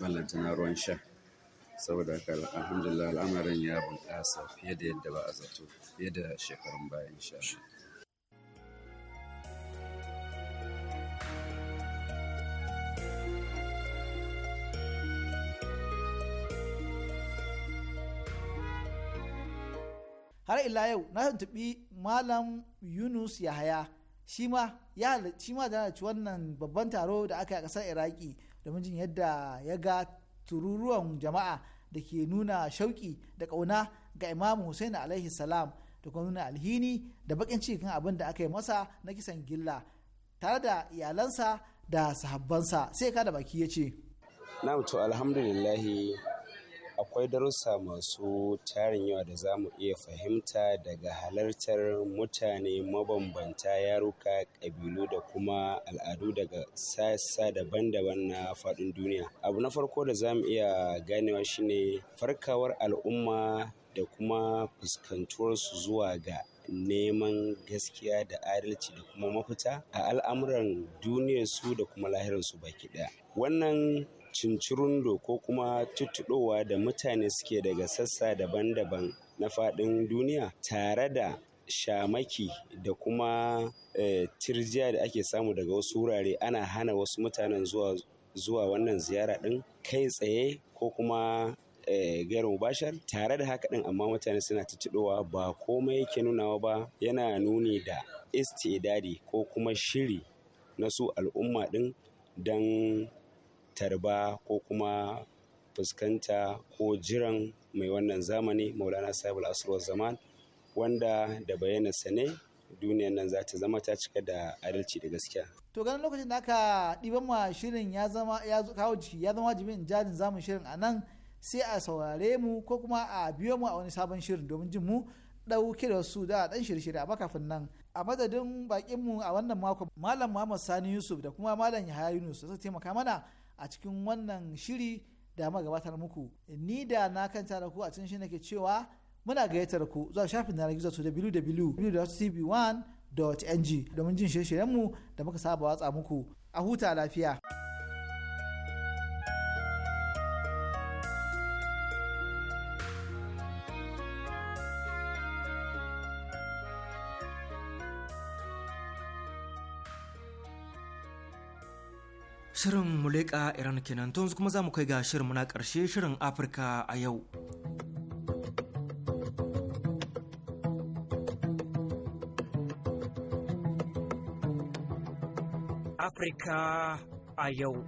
ballantana ruwan sha saboda haka alhamdulillah al'amarin ya bunƙasa fiye da yadda ba a zato fiye da shekarun bayan sha har ila yau na tuntuɓi malam yunus yahaya shi ma ya shi ma wannan babban taro da aka yi a ƙasar iraki domin jin yadda ya ga tururuwan jama'a da ke nuna shauƙi da ƙauna ga imamu hussain alaihi salam da kuma nuna alhini da bakin cikin abin da aka yi masa na kisan gilla tare da iyalansa da sahabbansa sai ka da baki ya ce na mutu alhamdulillahi akwai darussa masu tarin yawa da za mu iya fahimta daga halartar mutane mabambanta yaruka ƙabilu da kuma al'adu daga sassa daban-daban na faɗin duniya abu na farko da za mu iya ganewa shine farkawar al'umma da kuma fuskantuwarsu zuwa ga neman gaskiya da adalci da kuma mafita a al'amuran duniyarsu da kuma lahirarsu baki ɗaya wannan cincirundo ko kuma tuttuɗowa da mutane suke daga sassa daban-daban na faɗin duniya tare da shamaki da kuma e, tirjiya da ake samu daga wasu wurare ana hana wasu mutanen zuwa wannan ziyara ɗin kai tsaye ko kuma e, eh, Bashar? mubashar tare da haka ɗin amma mutane suna tuttuɗowa ba komai yake nunawa ba yana nuni da istidadi ko kuma shiri na su al'umma ɗin don tarba ko kuma fuskanta ko jiran mai wannan zamani maulana sahibul asrar zaman wanda da bayanansa ne duniyan nan za ta zama ta cika da adalci da gaskiya. To ganin lokacin da aka ɗiban ma shirin ya zama ya kawo jiki ya zama jimin zamun shirin a nan sai a saurare mu ko kuma a biyo mu a wani sabon shirin domin jin mu ɗauke da su da ɗan shirye-shirye a baka nan. A madadin bakin a wannan mako Malam Muhammad Sani Yusuf da kuma Malam Yahaya Yunus su taimaka mana a cikin wannan shiri da ma gabatar muku ni da na kan da ku a cikin shi nake cewa muna gayyatar ku zuwa shafin na gizo to www.tv1.ng domin jin shirye mu da muka saba watsa muku a huta lafiya. Shirin Muleka Iran kenan to yanzu kuma za mu kai ga shirin muna karshe shirin Afirka a yau. Afirka a yau.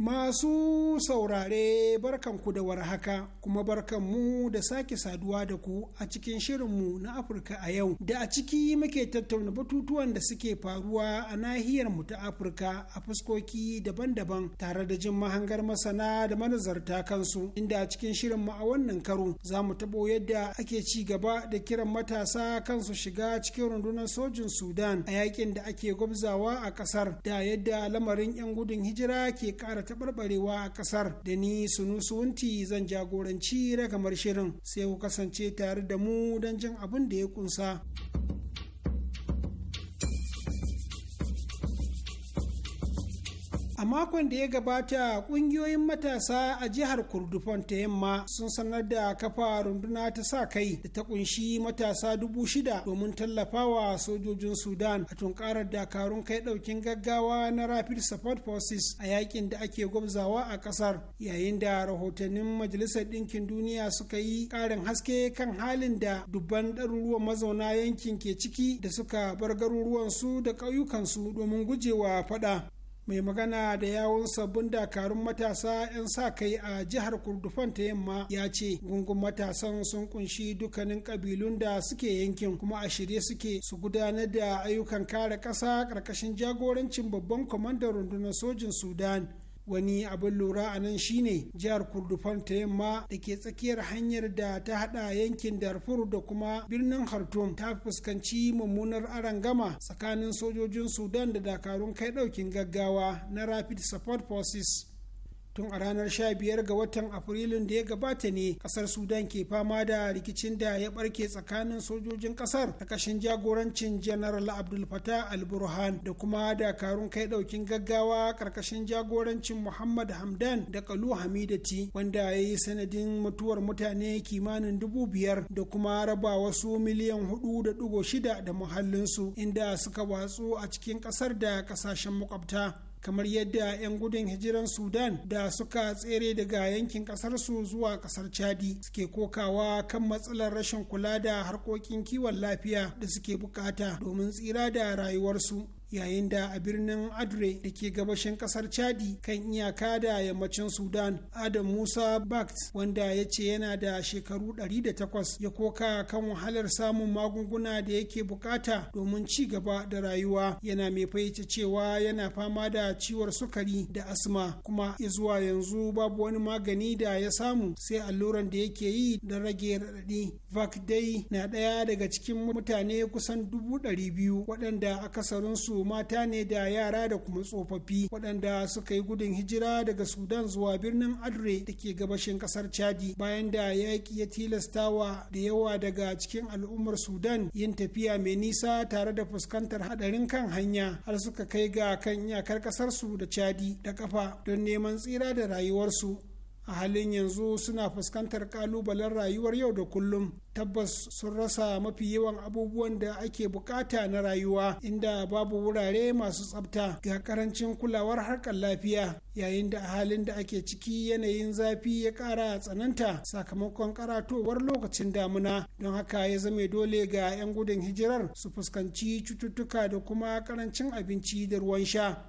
Masu saurare barkanku da warhaka kuma barkanmu da sake saduwa da ku a cikin shirinmu na Afirka a yau da a ciki muke tattauna batutuwan da suke faruwa a nahiyar mu ta Afirka a fuskoki daban-daban tare da jin mahangar masana da manazarta kansu inda a cikin shirinmu a wannan karo za mu tabo yadda ake ci gaba da kiran matasa kansu shiga cikin rundunar sojin Sudan a yakin da ake gwabzawa a kasar da yadda lamarin 'yan gudun hijira ke kara taɓarɓarewa a ƙasar da ni sunusunti zan jagoranci ragamar shirin sai ku kasance tare da mu don jin abin da ya ƙunsa. A makon da ya gabata kungiyoyin matasa a jihar Kurdufan ta yamma sun sanar da kafa runduna ta sa kai da ta kunshi matasa dubu shida domin tallafawa sojojin Sudan a tunkarar dakarun kai daukin gaggawa na Rapid Support Forces a yakin da ake gwabzawa a kasar yayin da rahotannin Majalisar Dinkin Duniya suka yi karin haske kan halin da dubban ɗaruruwan mazauna yankin ke ciki da suka bar garuruwansu da ƙauyukansu domin gujewa faɗa. mai magana da yawon sabbin dakarun matasa 'yan sa kai a jihar kurdufan ta yamma ya ce gungun matasan sun kunshi dukkanin kabilun da suke yankin kuma a shirye suke su gudanar da ayyukan kare ƙasa ƙarƙashin jagorancin babban kwamandan rundunar sojin sudan wani abin lura a nan shine jihar kurdufan ta yamma da ke tsakiyar hanyar da ta hada yankin darfur da kuma birnin khartoum ta fuskanci mummunar gama tsakanin sojojin sudan da dakarun kai daukin gaggawa na rapid support forces tun a ranar 15 ga watan afrilun da ya gabata ne kasar sudan ke fama da rikicin da ya barke tsakanin sojojin kasar a kashin jagorancin general abdul fatah al-burhan da kuma dakarun kai daukin gaggawa karkashin jagorancin muhammad hamdan da kalu hamidati wanda ya yi sanadin mutuwar mutane kimanin dubu biyar da kuma raba wasu miliyan hudu da dugo shida da muhallinsu inda suka watsu a cikin kasar da kasashen makwabta kamar yadda 'yan gudun hijiran sudan da suka tsere daga yankin kasarsu zuwa kasar chadi suke kokawa kan matsalar rashin kula da harkokin kiwon lafiya da suke bukata domin tsira da rayuwarsu yayin da a birnin adre da ke gabashin kasar chadi kan iyaka da yammacin sudan adam musa bakt wanda ya ce yana da shekaru 108 ya koka kan wahalar samun magunguna da yake bukata domin ci gaba da rayuwa yana mai fahimta cewa yana fama da ciwon sukari da asma kuma zuwa yanzu babu wani magani da ya samu sai alluran da yake yi da rage raɗaɗi vak dai na ɗaya daga cikin mutane kusan dubu ɗari biyu waɗanda akasarinsu mata ne da yara da kuma tsofaffi waɗanda suka yi gudun hijira daga sudan zuwa birnin adre da ke gabashin ƙasar chadi bayan da yaƙi ya tilastawa da yawa daga cikin al'ummar sudan yin tafiya mai nisa tare da fuskantar haɗarin kan hanya har suka kai ga kan iyakar ƙasarsu da chadi da ƙafa don neman tsira da rayuwarsu a halin yanzu suna fuskantar kalubalen rayuwar yau da kullum tabbas sun rasa mafi yawan abubuwan da ake bukata na rayuwa inda babu wurare masu tsabta ga karancin kulawar harkar lafiya yayin da a halin da ake ciki yanayin zafi ya kara tsananta sakamakon karatowar lokacin damuna don haka ya zame dole ga 'yan gudun hijirar su fuskanci cututtuka da kuma karancin abinci da ruwan sha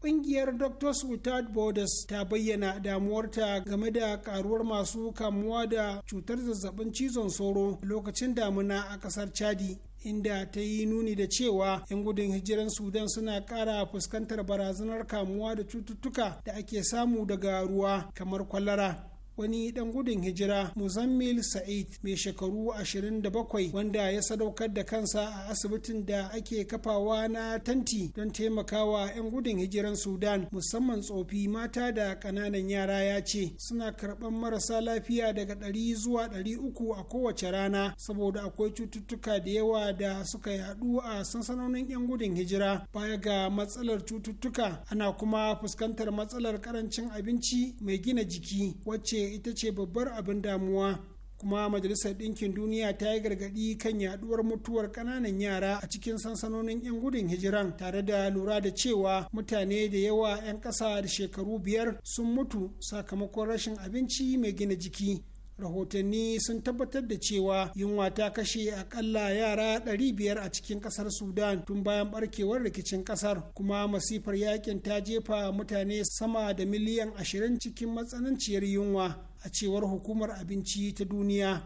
Ƙungiyar Doctors Without Borders ta bayyana damuwarta game da karuwar masu kamuwa da cutar zazzabin cizon sauro lokacin damuna a ƙasar Chadi. inda ta yi nuni da cewa 'yan gudun hijiran sudan suna kara fuskantar barazanar kamuwa da cututtuka da ake samu daga ruwa kamar kwalara wani dan gudun hijira muzammil sa'id mai shekaru 27 wanda ya sadaukar da kansa a asibitin da ake kafawa na tanti don taimakawa 'yan gudun hijiran sudan musamman tsofi mata da kananan yara ya ce suna karɓar marasa lafiya daga 100 zuwa 300 a kowace rana saboda akwai cututtuka da yawa da suka yadu a sansanonin 'yan gudun hijira baya ga matsalar cututtuka ana kuma fuskantar matsalar karancin abinci mai gina jiki wacce ita ce babbar abin damuwa kuma majalisar ɗinkin duniya ta yi gargaɗi kan yaɗuwar mutuwar ƙananan yara a cikin sansanonin 'yan gudun hijiran tare da lura da cewa mutane da yawa 'yan ƙasa da shekaru biyar sun mutu sakamakon rashin abinci mai gina jiki rahotanni sun tabbatar da cewa yunwa ta kashe akalla yara 500 a cikin kasar sudan tun bayan barkewar rikicin kasar kuma masifar yakin ta jefa mutane sama da miliyan 20 cikin matsananciyar yunwa a cewar hukumar abinci ta duniya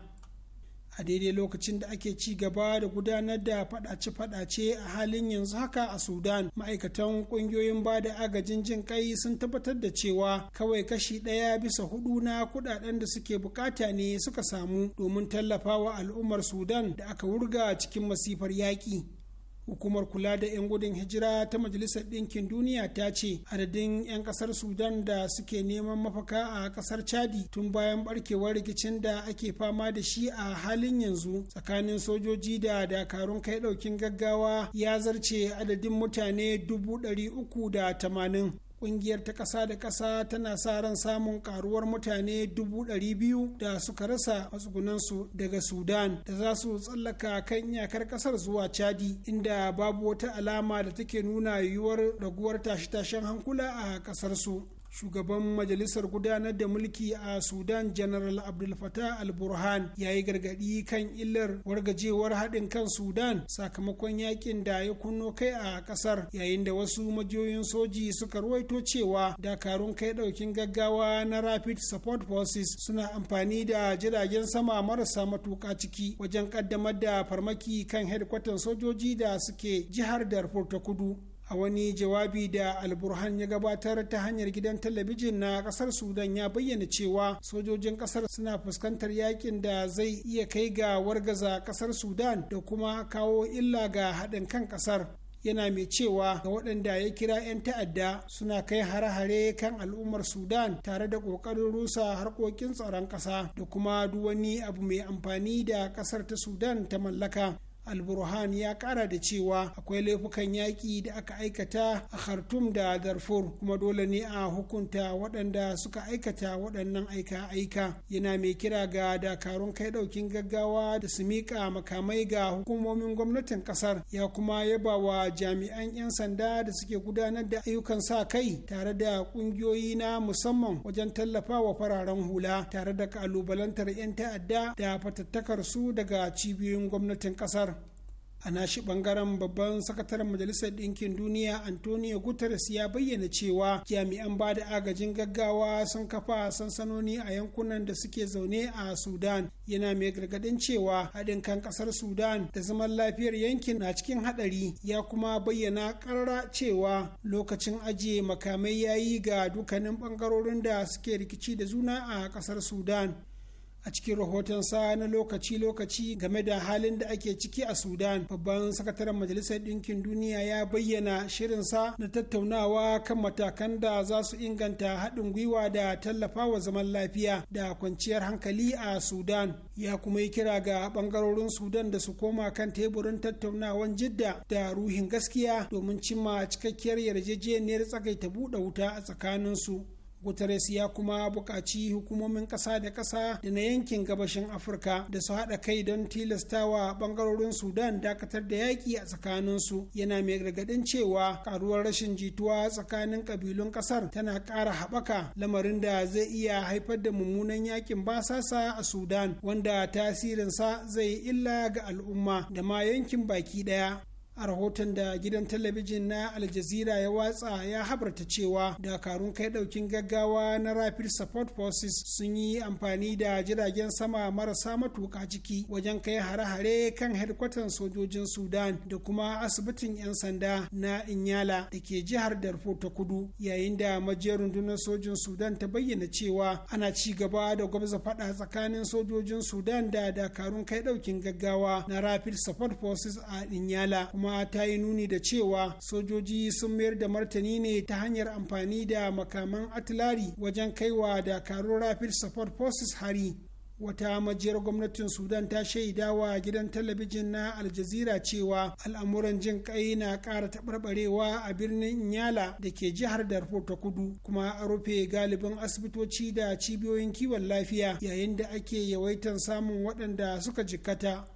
a daidai lokacin da ake ci gaba da gudanar da fadace-fadace a halin yanzu haka a sudan ma'aikatan kungiyoyin ba da agajin jin kai sun tabbatar da cewa kawai kashi ɗaya bisa hudu na kudaden da suke bukata ne suka samu domin tallafawa al'ummar sudan da aka wurga cikin masifar yaƙi hukumar kula da 'yan gudun hijira ta majalisar ɗinkin duniya ta ce adadin 'yan ƙasar sudan da suke neman mafaka a ƙasar chadi tun bayan barkewar rikicin da ake fama da shi a halin yanzu tsakanin sojoji da dakarun kai ɗaukin gaggawa ya zarce adadin mutane 380. kungiyar ta kasa da kasa tana sa ran samun karuwar mutane dubu ɗari biyu da suka rasa matsugunansu daga sudan da za su tsallaka kan iyakar ƙasar zuwa chadi inda babu wata alama da take nuna yiwuwar raguwar tashe-tashen hankula a ƙasarsu shugaban majalisar gudanar da mulki a sudan general abdul fatah al-burhan ya yi gargadi kan illar wargajewar haɗin kan sudan sakamakon yakin da ya kunno kai a ƙasar yayin da wasu majiyoyin soji suka ruwaito cewa dakarun kai ɗaukin gaggawa na rapid support forces suna amfani da jiragen sama marasa matuƙa ciki wajen ƙaddamar da farmaki kan hedkwatan sojoji da suke jihar darfur ta kudu a wani jawabi da alburhan ya gabatar ta hanyar gidan talabijin na kasar sudan ya bayyana cewa sojojin kasar suna fuskantar yakin da zai iya kai ga wargaza kasar sudan da kuma kawo illa ga haɗin kan kasar yana mai cewa ga waɗanda ya kira 'yan ta'adda suna kai hare-hare kan al'ummar sudan tare da ƙoƙarin rusa harkokin tsaron ƙasa da kuma duwani abu mai amfani da ƙasar ta sudan ta mallaka alburhan ya kara da cewa akwai laifukan yaƙi da aka aikata a khartum da darfur kuma dole ne a hukunta waɗanda suka aikata waɗannan aika-aika yana mai kira ga dakarun kai ɗaukin gaggawa da su miƙa makamai ga hukumomin gwamnatin ƙasar ya kuma yaba wa jami'an 'yan sanda da suke gudanar da ayyukan sa kai tare da ƙungiyoyi na musamman wajen tallafa wa fararen hula tare da ƙalubalantar 'yan ta'adda da fatattakar su daga cibiyoyin gwamnatin ƙasar a nashi bangaren babban sakataren majalisar ɗinkin duniya antonio guterres ya bayyana cewa jami'an ba da agajin gaggawa sun kafa sansanoni a yankunan da suke zaune a sudan yana mai gargadin cewa haɗin kan ƙasar sudan da zaman lafiyar yankin na cikin haɗari ya kuma bayyana ƙarara cewa lokacin ajiye makamai ya yi ga dukkanin ɓangarorin da suke rikici da juna a ƙasar sudan a cikin rahotonsa na lokaci-lokaci game da halin da ake ciki a sudan babban sakataren majalisar ɗinkin duniya ya bayyana shirinsa na tattaunawa kan matakan da za su inganta haɗin gwiwa da tallafawa zaman lafiya da kwanciyar hankali a sudan ya kuma yi kira ga ɓangarorin sudan da su koma kan teburin tattaunawan jidda da ruhin gaskiya domin cimma cikakkiyar yarjejeniyar tsakaita buɗe wuta a tsakaninsu Guterres ya kuma buƙaci hukumomin ƙasa da ƙasa da na yankin gabashin Afirka da su haɗa kai don tilastawa ɓangarorin Sudan dakatar da yaƙi a tsakaninsu yana mai gargaɗin cewa ƙaruwar rashin jituwa tsakanin ƙabilun ƙasar tana ƙara haɓaka lamarin da zai iya haifar da mummunan yaƙin basasa a Sudan wanda tasirinsa zai illa ga al'umma da ma yankin baki ɗaya. a rahoton da gidan talabijin na aljazira ya watsa ya habarta cewa dakarun kai daukin gaggawa na rapid support forces sun yi amfani da jiragen sama marasa matuka ciki wajen kai hare-hare kan hedkwatan sojojin sudan da kuma asibitin 'yan sanda na inyala da ke jihar darfur ta kudu yayin da majiyar rundunar sojin sudan ta bayyana cewa ana ci gaba da gwamza fada tsakanin sojojin sudan da dakarun kai daukin gaggawa na rapid support forces a inyala kuma ta yi nuni da cewa sojoji sun mayar da martani ne ta hanyar amfani da makaman atilari wajen kaiwa da karo rapid support forces hari wata majiyar gwamnatin sudan ta shaida wa gidan talabijin na aljazira cewa al'amuran jin kai na ƙara taɓarɓarewa a birnin inyala da ke jihar darfur ta kudu kuma a rufe galibin asibitoci da cibiyoyin kiwon lafiya yayin da ake yawaitan samun waɗanda suka jikkata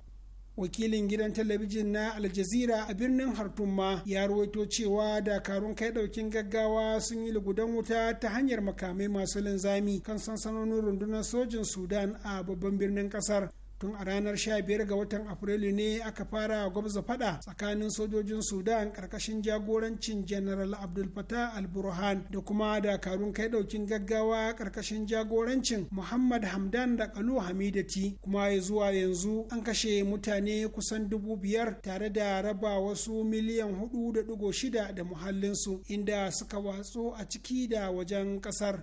wakilin gidan talabijin na aljazira a birnin hartumma ya ruwaito cewa dakarun kai daukin gaggawa sun yi lugudan wuta ta hanyar makamai masu linzami kan sansanonin rundunar sojin sudan a babban birnin kasar tun a ranar 15 ga watan afrilu ne aka fara gwabza fada tsakanin sojojin sudan karkashin jagorancin general abdul fatah al-burhan da kuma dakarun kai daukin gaggawa karkashin jagorancin muhammad hamdan da kalu hamidati kuma ya zuwa yanzu an kashe mutane kusan dubu biyar tare da raba wasu miliyan hudu da dugo shida da muhallinsu inda suka watsu a ciki da wajen kasar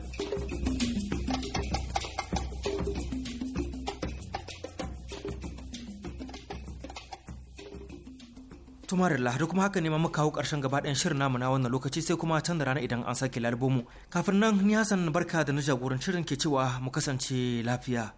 Tumarilla da kuma haka ne mu kawo ƙarshen gaba ɗayan shirin namu na wannan lokaci sai kuma can da rana idan an sake lalbomu. Kafin nan ni Hassan barka da na jagorancin shirin ke cewa mu kasance lafiya.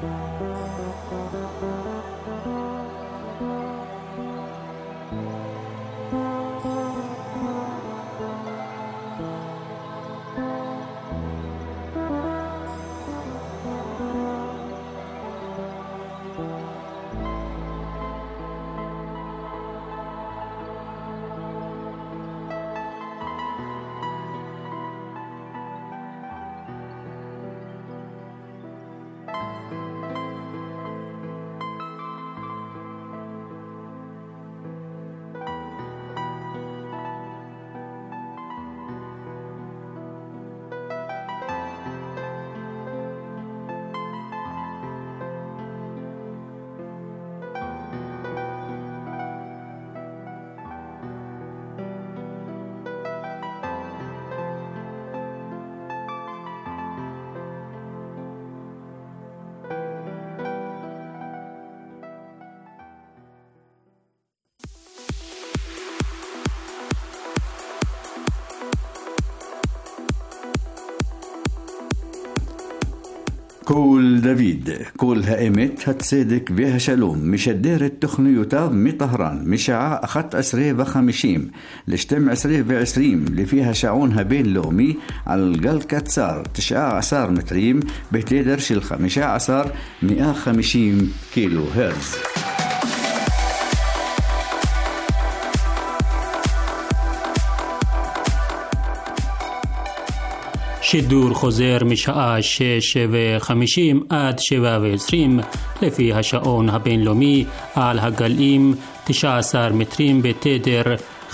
Música كول دافيد كول هائمت هتصدق بها شلوم مش الدير التخني يتاب مي طهران مشاع أخت أسري بخمشيم لشتم أسري بعسريم اللي فيها شاعونها بين لومي على القل كتسار تشعى عصار متريم بتدرش الخمشة عصار مئة خمشيم كيلو هرتز شی دور خوزر میشه شاید شی خمیشیم اد شو و سریم لفی هشاون هبین آل هگل ایم تشا سر متریم به تدر